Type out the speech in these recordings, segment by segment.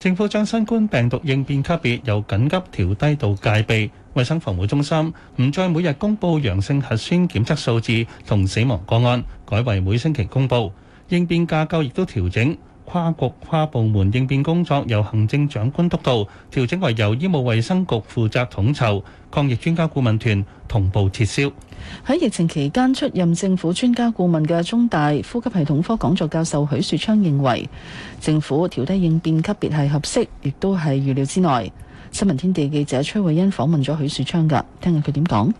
政府將新冠病毒應變級別由緊急調低到戒備，衛生防護中心唔再每日公布陽性核酸檢測數字同死亡個案，改為每星期公布。應變架構亦都調整。跨國跨部門應變工作由行政長官督導調整為由醫務衛生局負責統籌，抗疫專家顧問團同步撤銷。喺疫情期間出任政府專家顧問嘅中大呼吸系統科講座教授許樹昌認為，政府調低應變級別係合適，亦都係預料之內。新聞天地記者崔慧欣訪問咗許樹昌，噶聽下佢點講？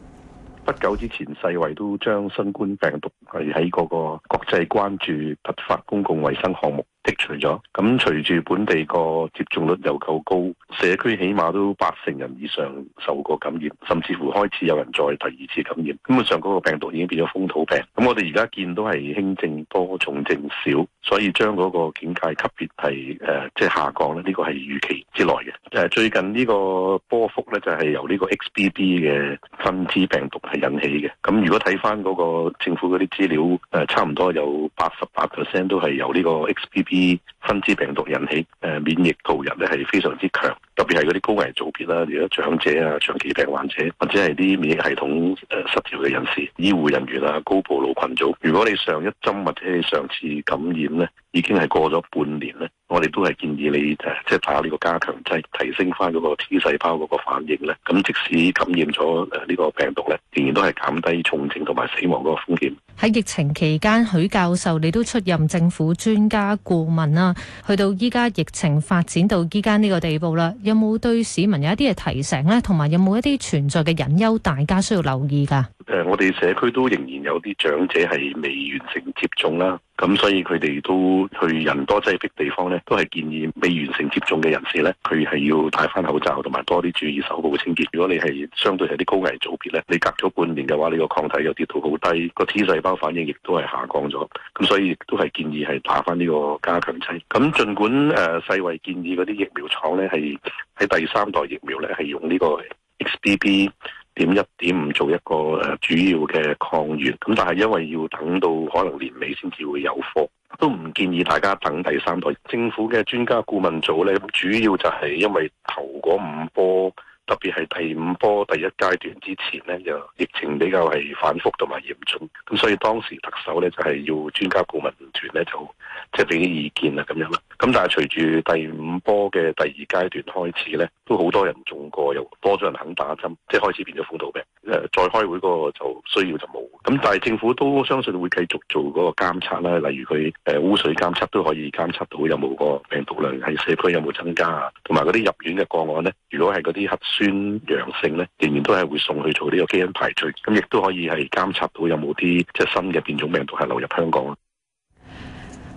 不久之前，世衞都將新冠病毒係喺嗰個國際關注突發公共衞生項目，剔除咗，咁隨住本地個接種率又夠高，社區起碼都八成人以上受過感染，甚至乎開始有人再第二次感染，基本上嗰個病毒已經變咗風土病。咁我哋而家見到係輕症多，重症少，所以將嗰個警戒級別係誒，即係下降咧，呢、這個係預期之內嘅。誒、呃，最近呢個波幅咧就係、是、由呢個 XBB 嘅分支病毒係引起嘅。咁如果睇翻嗰個政府嗰啲資料，誒、呃、差唔多有八十八 percent 都係由呢個 XBB。啲分支病毒引起，誒、呃、免疫度日咧係非常之強。特別係嗰啲高危組別啦，例如長者啊、長期病患者，或者係啲免疫系統誒失調嘅人士、醫護人員啊、高暴露群組。如果你上一針或者你上次感染呢，已經係過咗半年呢，我哋都係建議你誒，即係打呢個加強劑，提升返嗰個 T 細胞嗰個反應呢。咁即使感染咗誒呢個病毒呢，仍然都係減低重症同埋死亡嗰個風險。喺疫情期間，許教授你都出任政府專家顧問啊，去到依家疫情發展到依家呢個地步啦。有冇對市民有一啲嘅提醒呢？同埋有冇一啲存在嘅隱憂，大家需要留意㗎？誒、呃，我哋社區都仍然有啲長者係未完成接種啦，咁所以佢哋都去人多擠迫地方咧，都係建議未完成接種嘅人士咧，佢係要戴翻口罩，同埋多啲注意手部清潔。如果你係相對係啲高危組別咧，你隔咗半年嘅話，你個抗體有跌到好低，個 T 細胞反應亦都係下降咗，咁所以亦都係建議係打翻呢個加強劑。咁儘管誒、呃、世衞建議嗰啲疫苗廠咧係喺第三代疫苗咧係用呢個 XBB。點一點五做一個誒主要嘅抗原，咁但係因為要等到可能年尾先至會有貨，都唔建議大家等第三代。政府嘅專家顧問組呢，主要就係因為頭嗰五波。特別係第五波第一階段之前咧，就疫情比較係反覆同埋嚴重，咁所以當時特首咧就係要專家顧問團咧就即係俾啲意見啊，咁樣啦。咁但係隨住第五波嘅第二階段開始咧，都好多人中過，又多咗人肯打針，即係開始變咗風土病。誒，再開會嗰個就需要就冇。咁但係政府都相信會繼續做嗰個監測啦，例如佢誒污水監測都可以監測到有冇個病毒量喺社區有冇增加啊，同埋嗰啲入院嘅個案咧，如果係嗰啲核酸陽性咧，仍然都係會送去做呢個基因排序，咁亦都可以係監測到有冇啲即係新嘅變種病毒係流入香港。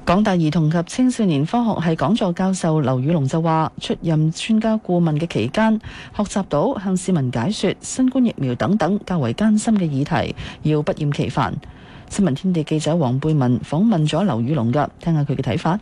港大兒童及青少年科學系講座教授劉宇龍就話，出任專家顧問嘅期間，學習到向市民解說新冠疫苗等等較為艱辛嘅議題，要不厭其煩。新聞天地記者黃貝文訪問咗劉宇龍噶，聽下佢嘅睇法。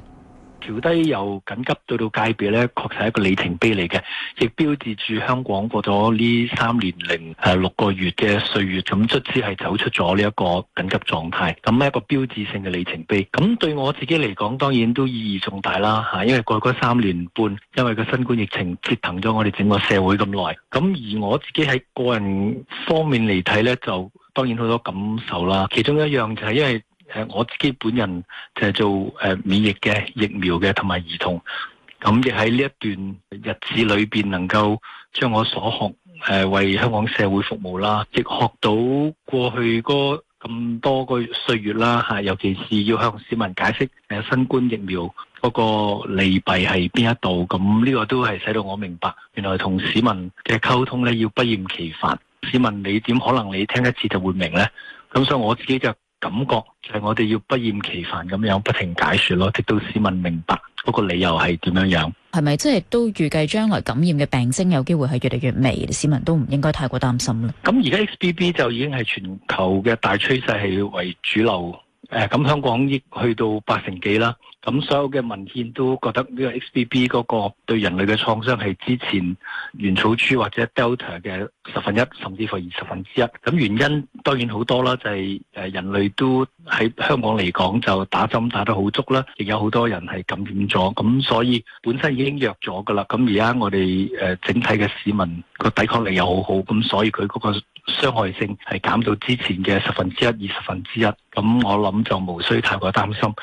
調低由緊急到到界別呢，確實係一個里程碑嚟嘅，亦標誌住香港過咗呢三年零誒六個月嘅歲月，咁卒之係走出咗呢一個緊急狀態，咁呢一個標誌性嘅里程碑。咁對我自己嚟講，當然都意義重大啦，吓，因為過去三年半，因為個新冠疫情折騰咗我哋整個社會咁耐。咁而我自己喺個人方面嚟睇呢，就當然好多感受啦。其中一樣就係因為。誒我自己本人就係做誒免疫嘅疫苗嘅，同埋兒童，咁亦喺呢一段日子裏邊，能夠將我所學誒為香港社會服務啦，亦學到過去咁多個歲月啦，嚇，尤其是要向市民解釋誒新冠疫苗嗰個利弊係邊一度，咁呢個都係使到我明白，原來同市民嘅溝通咧要不厭其煩。市民你點可能你聽一次就會明呢？咁所以我自己就。感覺就係我哋要不厭其煩咁樣不停解說咯，直到市民明白嗰個理由係點樣樣。係咪即係都預計將來感染嘅病徵有機會係越嚟越微，市民都唔應該太過擔心啦。咁而家 XBB 就已經係全球嘅大趨勢，係為主流，誒、呃，咁香港亦去到八成幾啦。咁所有嘅文獻都覺得呢個 XBB 個對人類嘅創傷係之前原始株或者 Delta 嘅十分一甚至乎二十分之一。咁原因當然好多啦，就係、是、誒人類都喺香港嚟講就打針打得好足啦，亦有好多人係感染咗，咁所以本身已經弱咗噶啦。咁而家我哋誒整體嘅市民個抵抗力又好好，咁所以佢個傷害性係減到之前嘅十分之一、二十分之一。咁我諗就無需太過擔心。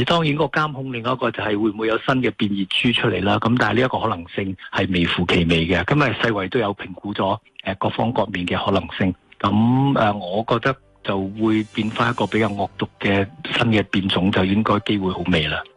而當然、嗰個。監控另外一個就係會唔會有新嘅變異株出嚟啦？咁但係呢一個可能性係微乎其微嘅。咁啊，世衞都有評估咗誒各方各面嘅可能性。咁誒，我覺得就會變翻一個比較惡毒嘅新嘅變種，就應該機會好微啦。